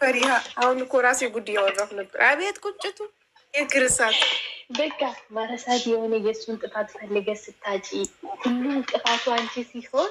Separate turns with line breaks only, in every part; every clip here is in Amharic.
ፈሪሃ አሁን እኮ ራሴ ጉድ እያወራሁ ነበር። አቤት ቁጭቱ የክርሳት
በቃ የሆነ የእሱን ጥፋት ፈልገ ስታጪ ሁሉም ጥፋቱ አንቺ ሲሆን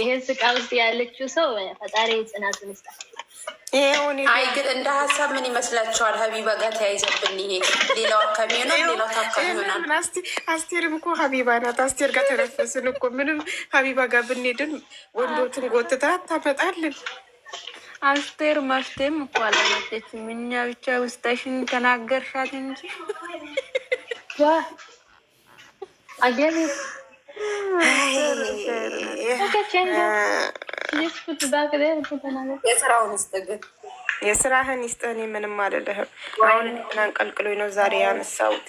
ይሄን ስቃ ውስጥ ያለችው ሰው ፈጣሪ ጽናትን
አይ ግን እንደ ሀሳብ ምን ይመስላችኋል? ሀቢባ ጋር ተያይዘብን ይሄ ሌላው ሆነ ሌላው ታካሚ
አስቴርም እኮ ሀቢባ ናት። አስቴር ጋር ተነፈስን እኮ ምንም ሀቢባ ጋር ብንሄድን ወንዶትን ጎትታ ታመጣልን አስቴር መፍትሄም እኮ አላመጣችም። እኛ ብቻ ውስጠሽን ተናገርሻት እንጂ የስራህን ይስጠህ። ምንም አሁን አንቀልቅሎኝ ነው ዛሬ ያነሳሁት።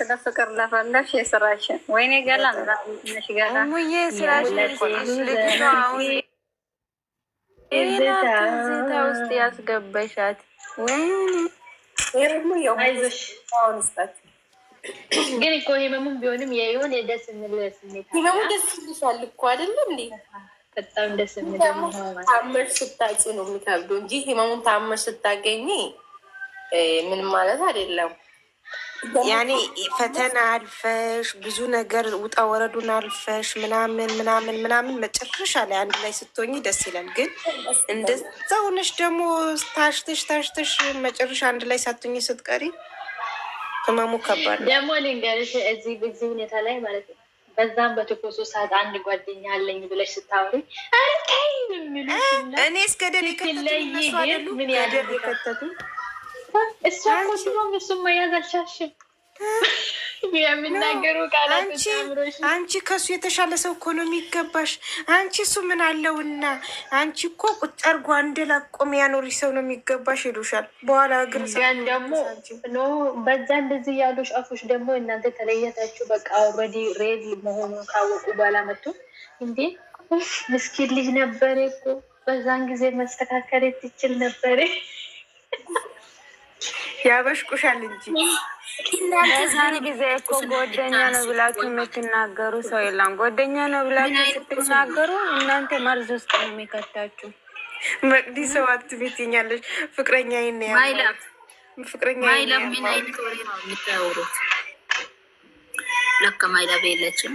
ስለ ፍቅር ለፈለሽ የስራሽን ወይኔ ገላ ነሽ ገላ ትዝታ ውስጥ ያስገበሻት ግን እኮ ቢሆንም የሆን የደስ የሚል ስሜት
ህመሙ ደስ ይልሻል እኮ አይደለም እንዴ?
በጣም ደስ የሚል
ስታጭ ነው እንጂ ህመሙን ስታገኝ ምንም ማለት አይደለም።
ያኔ ፈተና አልፈሽ ብዙ ነገር ውጣ ወረዱን አልፈሽ ምናምን ምናምን ምናምን መጨረሻ ላይ አንድ ላይ ስትሆኝ ደስ ይላል። ግን እንደዛ ሆነሽ ደግሞ ታሽተሽ ታሽተሽ መጨረሻ አንድ ላይ ሳትሆኝ ስትቀሪ ህመሙ ከባድ
ነው። ደግሞ ልንገርሽ እዚህ በዚህ ሁኔታ ላይ ማለት ነው። በዛም በትኩሱ ሰዓት አንድ ጓደኛ አለኝ ብለሽ ስታወሪ እኔ እስከ ደር የከተቱ
ምን ያደር ከተቱ
እሷ እኮ ድሮም መያዝ አልቻልሽም። የሚናገሩ ቃላት
አንቺ ከሱ የተሻለ ሰው እኮ ነው የሚገባሽ። አንቺ እሱ ምን አለውና አንቺ እኮ ቁጠርጎ አንድ ላቆም ያኖሪ ሰው ነው የሚገባሽ ይሉሻል። በኋላ ግን
ደግሞ ኖ በዛ እንደዚህ ያሉ ሻፎች ደግሞ እናንተ ተለየታችሁ። በቃ ኦልሬዲ ሬድ መሆኑ ካወቁ በኋላ መጡ እንዴ ምስኪን ልጅ ነበር እኮ በዛን ጊዜ መስተካከል ትችል ነበር።
ያበሽቁሻል እንጂ
በዛን ጊዜ እኮ ጓደኛ ነው ብላችሁ የምትናገሩ ሰው የለም። ጓደኛ ነው ብላችሁ ስትናገሩ እናንተ መርዝ ውስጥ ነው የሚከታችሁ።
መቅዲ ሰው አትቤትኛለች ፍቅረኛ ይነ ፍቅረኛ
ለካ ማይላብ የለችም።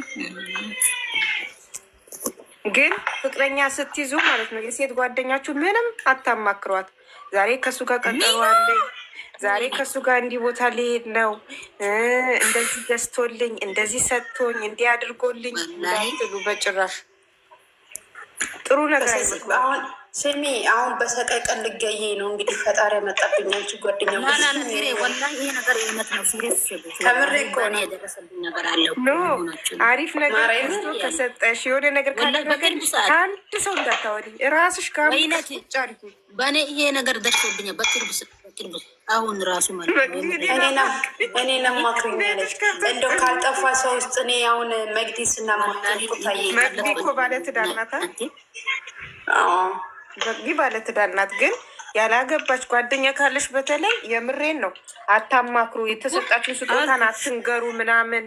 ግን ፍቅረኛ ስትይዙ ማለት ነው የሴት ጓደኛችሁ ምንም አታማክሯት። ዛሬ ከእሱ ጋር ቀጠሯዋለኝ ዛሬ ከእሱ ጋር እንዲህ ቦታ ሊሄድ ነው፣ እንደዚህ ገዝቶልኝ፣ እንደዚህ ሰጥቶኝ፣ እንዲህ አድርጎልኝ እንዳይትሉ በጭራሽ ጥሩ ነገር
አሁን ስሚ፣ አሁን በሰቀቀን ልገዬ ነው እንግዲህ ፈጣሪ ያመጣብኝ። አንቺ ጓደኛ
አሪፍ ነገር ከሰጠሽ የሆነ ነገር ካለ ነገር ከአንድ ሰው እንዳታወሪ ራስሽ ጋር
ጫ በእኔ ይሄ ነገር ደርሶብኛል። በቅርብ በቅርብ አሁን ራሱ
እኔ ለማክ እንደ ካልጠፋ ሰው ውስጥ እኔ አሁን መግዲ
ስናማታይኮ ባለትዳር ናት። መግዲ ባለትዳር ናት፣ ግን ያላገባች ጓደኛ ካለች በተለይ የምሬን ነው አታማክሩ፣ የተሰጣችን ስጦታን አትንገሩ ምናምን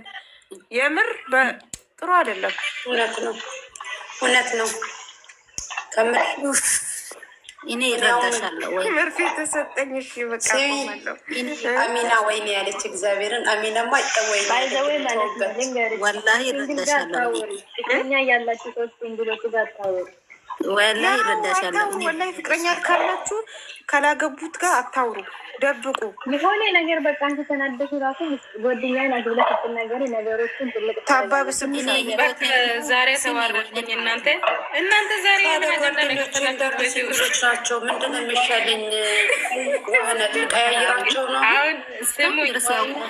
የምር በጥሩ አይደለም።
እውነት ነው፣ እውነት ነው ከምር
እኔ እረዳሻለሁ
መርፌ ተሰጠኝ። እሺ በቃ
አሚና ወይኔ ያለች እግዚአብሔርን አሚናማ ይጠወይ
ባይዘወይ ማለት ነው። ወላሂ እረዳሻለሁ። እኛ ያላችሁ ሰዎች እንግሎቱ ጋር ወላሂ ይረዳሻል።
ወላሂ ፍቅረኛ ካላችሁ ካላገቡት ጋር አታውሩ፣ ደብቁ።
የሆነ ነገር በቃ አንተ ተናደሽ ራሱ ጓደኛዬን አግብለህ ነገር ነገሮችን
ታባብስ። ዛሬ ተባረኝ። እናንተ እናንተ ዛሬ
ናቸው ምንድን ነው የሚሻለኝ? ቀያየራቸው ነው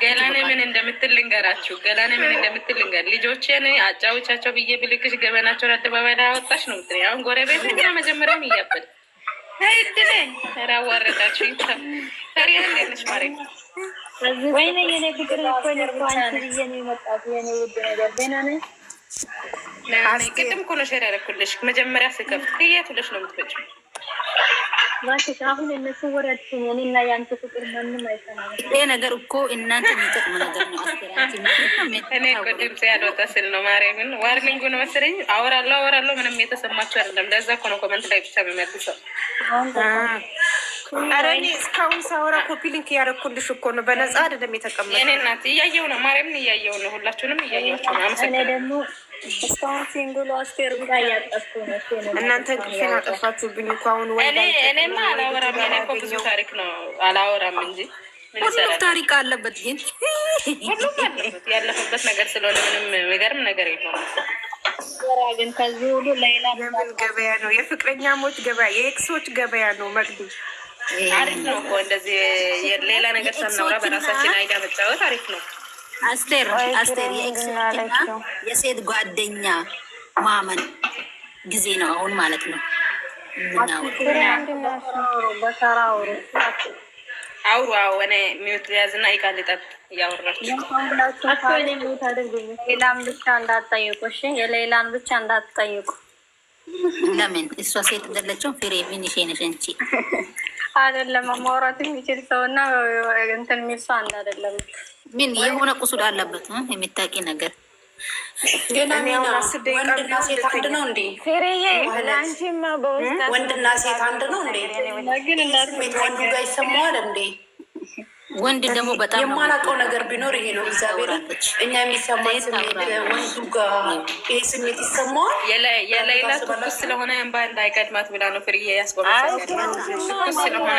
ገላኔ ምን እንደምትል ልንገራችሁ። ገላኔ ምን እንደምትል ልንገር። ልጆቼን አጫውቻቸው ብዬ ብልክሽ ገበናቸውን አደባባይ ላይ አወጣሽ ነው ምትል። አሁን ጎረቤት ኛ መጀመሪያም እያበል ይድለኝ ራዋረዳችሁ ታሪያ እንደነሽ ማሪ
ወይኔ የኔ ፍቅር እኮ እኮ አንቺ ብዬ ነው የመጣሁት የኔ ውድ ነገር ደህና ነኝ።
ቅድም እኮ ነው ያደረኩልሽ መጀመሪያ ስከፍት ነው
አሁን እነሱ ወረድ ይሄ ነገር እኮ እናንተ የሚጠቅም ነገር ነው።
እኔ እኮ ድምፅ ያልወጣ ስል ነው ማርያምን ዋርኒንግ ነው መሰለኝ። አወራለሁ አወራለሁ ምንም የተሰማችሁ አይደለም። ለዛ እኮ ነው ኮመንት ላይ ብቻ የሚመልሰው። ኧረ እኔ እስካሁን ሳወራ ኮፒ ሊንክ እያደረኩልሽ እኮ ነው፣ በነፃ አይደለም የተቀመጠ።
እኔ እናት እያየው ነው ማርያምን እያየው ነው፣ ሁላችሁንም እያየው ነው። አመሰግናለሁ። እስካሁን ሲንግሉ አስቴር
እናንተ እንቅልፌን አጠፋችሁብኝ እኮ አሁን። እኔማ አላወራም። እኔ እኮ ብዙ ታሪክ ነው አላወራም እንጂ
ሁሉም ታሪክ አለበት። ግን
ሁሉም አለበት ያለፈበት ነገር ስለሆነ ምንም የሚገርም ነገር
የለውም። ከዚህ ሁሉ ሌላ
የምን ገበያ ነው? የፍቅረኛሞች ገበያ፣ የኤክሶች ገበያ ነው። መቅዲ አሪፍ ነው እኮ እንደዚህ ሌላ ነገር ሳናወራ በራሳችን አይዳ መጫወት አሪፍ ነው።
አስቴር አስቴር የኤክስና የሴት ጓደኛ ማመን ጊዜ ነው አሁን ማለት ነው።
አውሩ ወነ ሚዩት ያዝና ይቃልጠት
ሌላም ብቻ እንዳትጠይቁ እሺ። የሌላን ብቻ እንዳትጠይቁ። ለምን እሷ ሴት አይደለችም? ፍሬ ምን ይሸነሸንቺ አይደለም ማውራት የሚችል ሰው እና እንትን የሚል ሰው አንድ አይደለም። ምን የሆነ ቁስል አለበት የሚታቂ ነገር
ወንድና ሴት አንድ ነው እንዴ? ወንዱ ጋር ይሰማዋል እንዴ?
ወንድ ደግሞ በጣም
የማላውቀው ነገር ቢኖር ይሄ ነው። እግዚአብሔር እኛ የሚሰማ ስሜት ወንዱ ጋር ይሄ ስሜት ይሰማዋል።
የላይላ ትኩስ ስለሆነ እንባ እንዳይቀድማት ብላ ነው ፍርዬ ያስቆመ ስለሆነ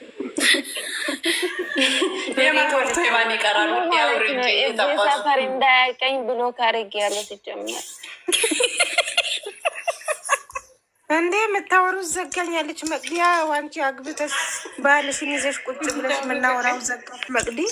የመትወርቶ የማን ይቀራሉ
ሰፈር እንዳያቀኝ ብሎ ካረግ ያለ
እንዴ የምታወሩት ዘጋኛለች። መቅዲያ ዋንቺ አግብተሽ ባልሽን ይዘሽ ቁጭ ብለሽ የምናወራው ዘጋች መቅዲ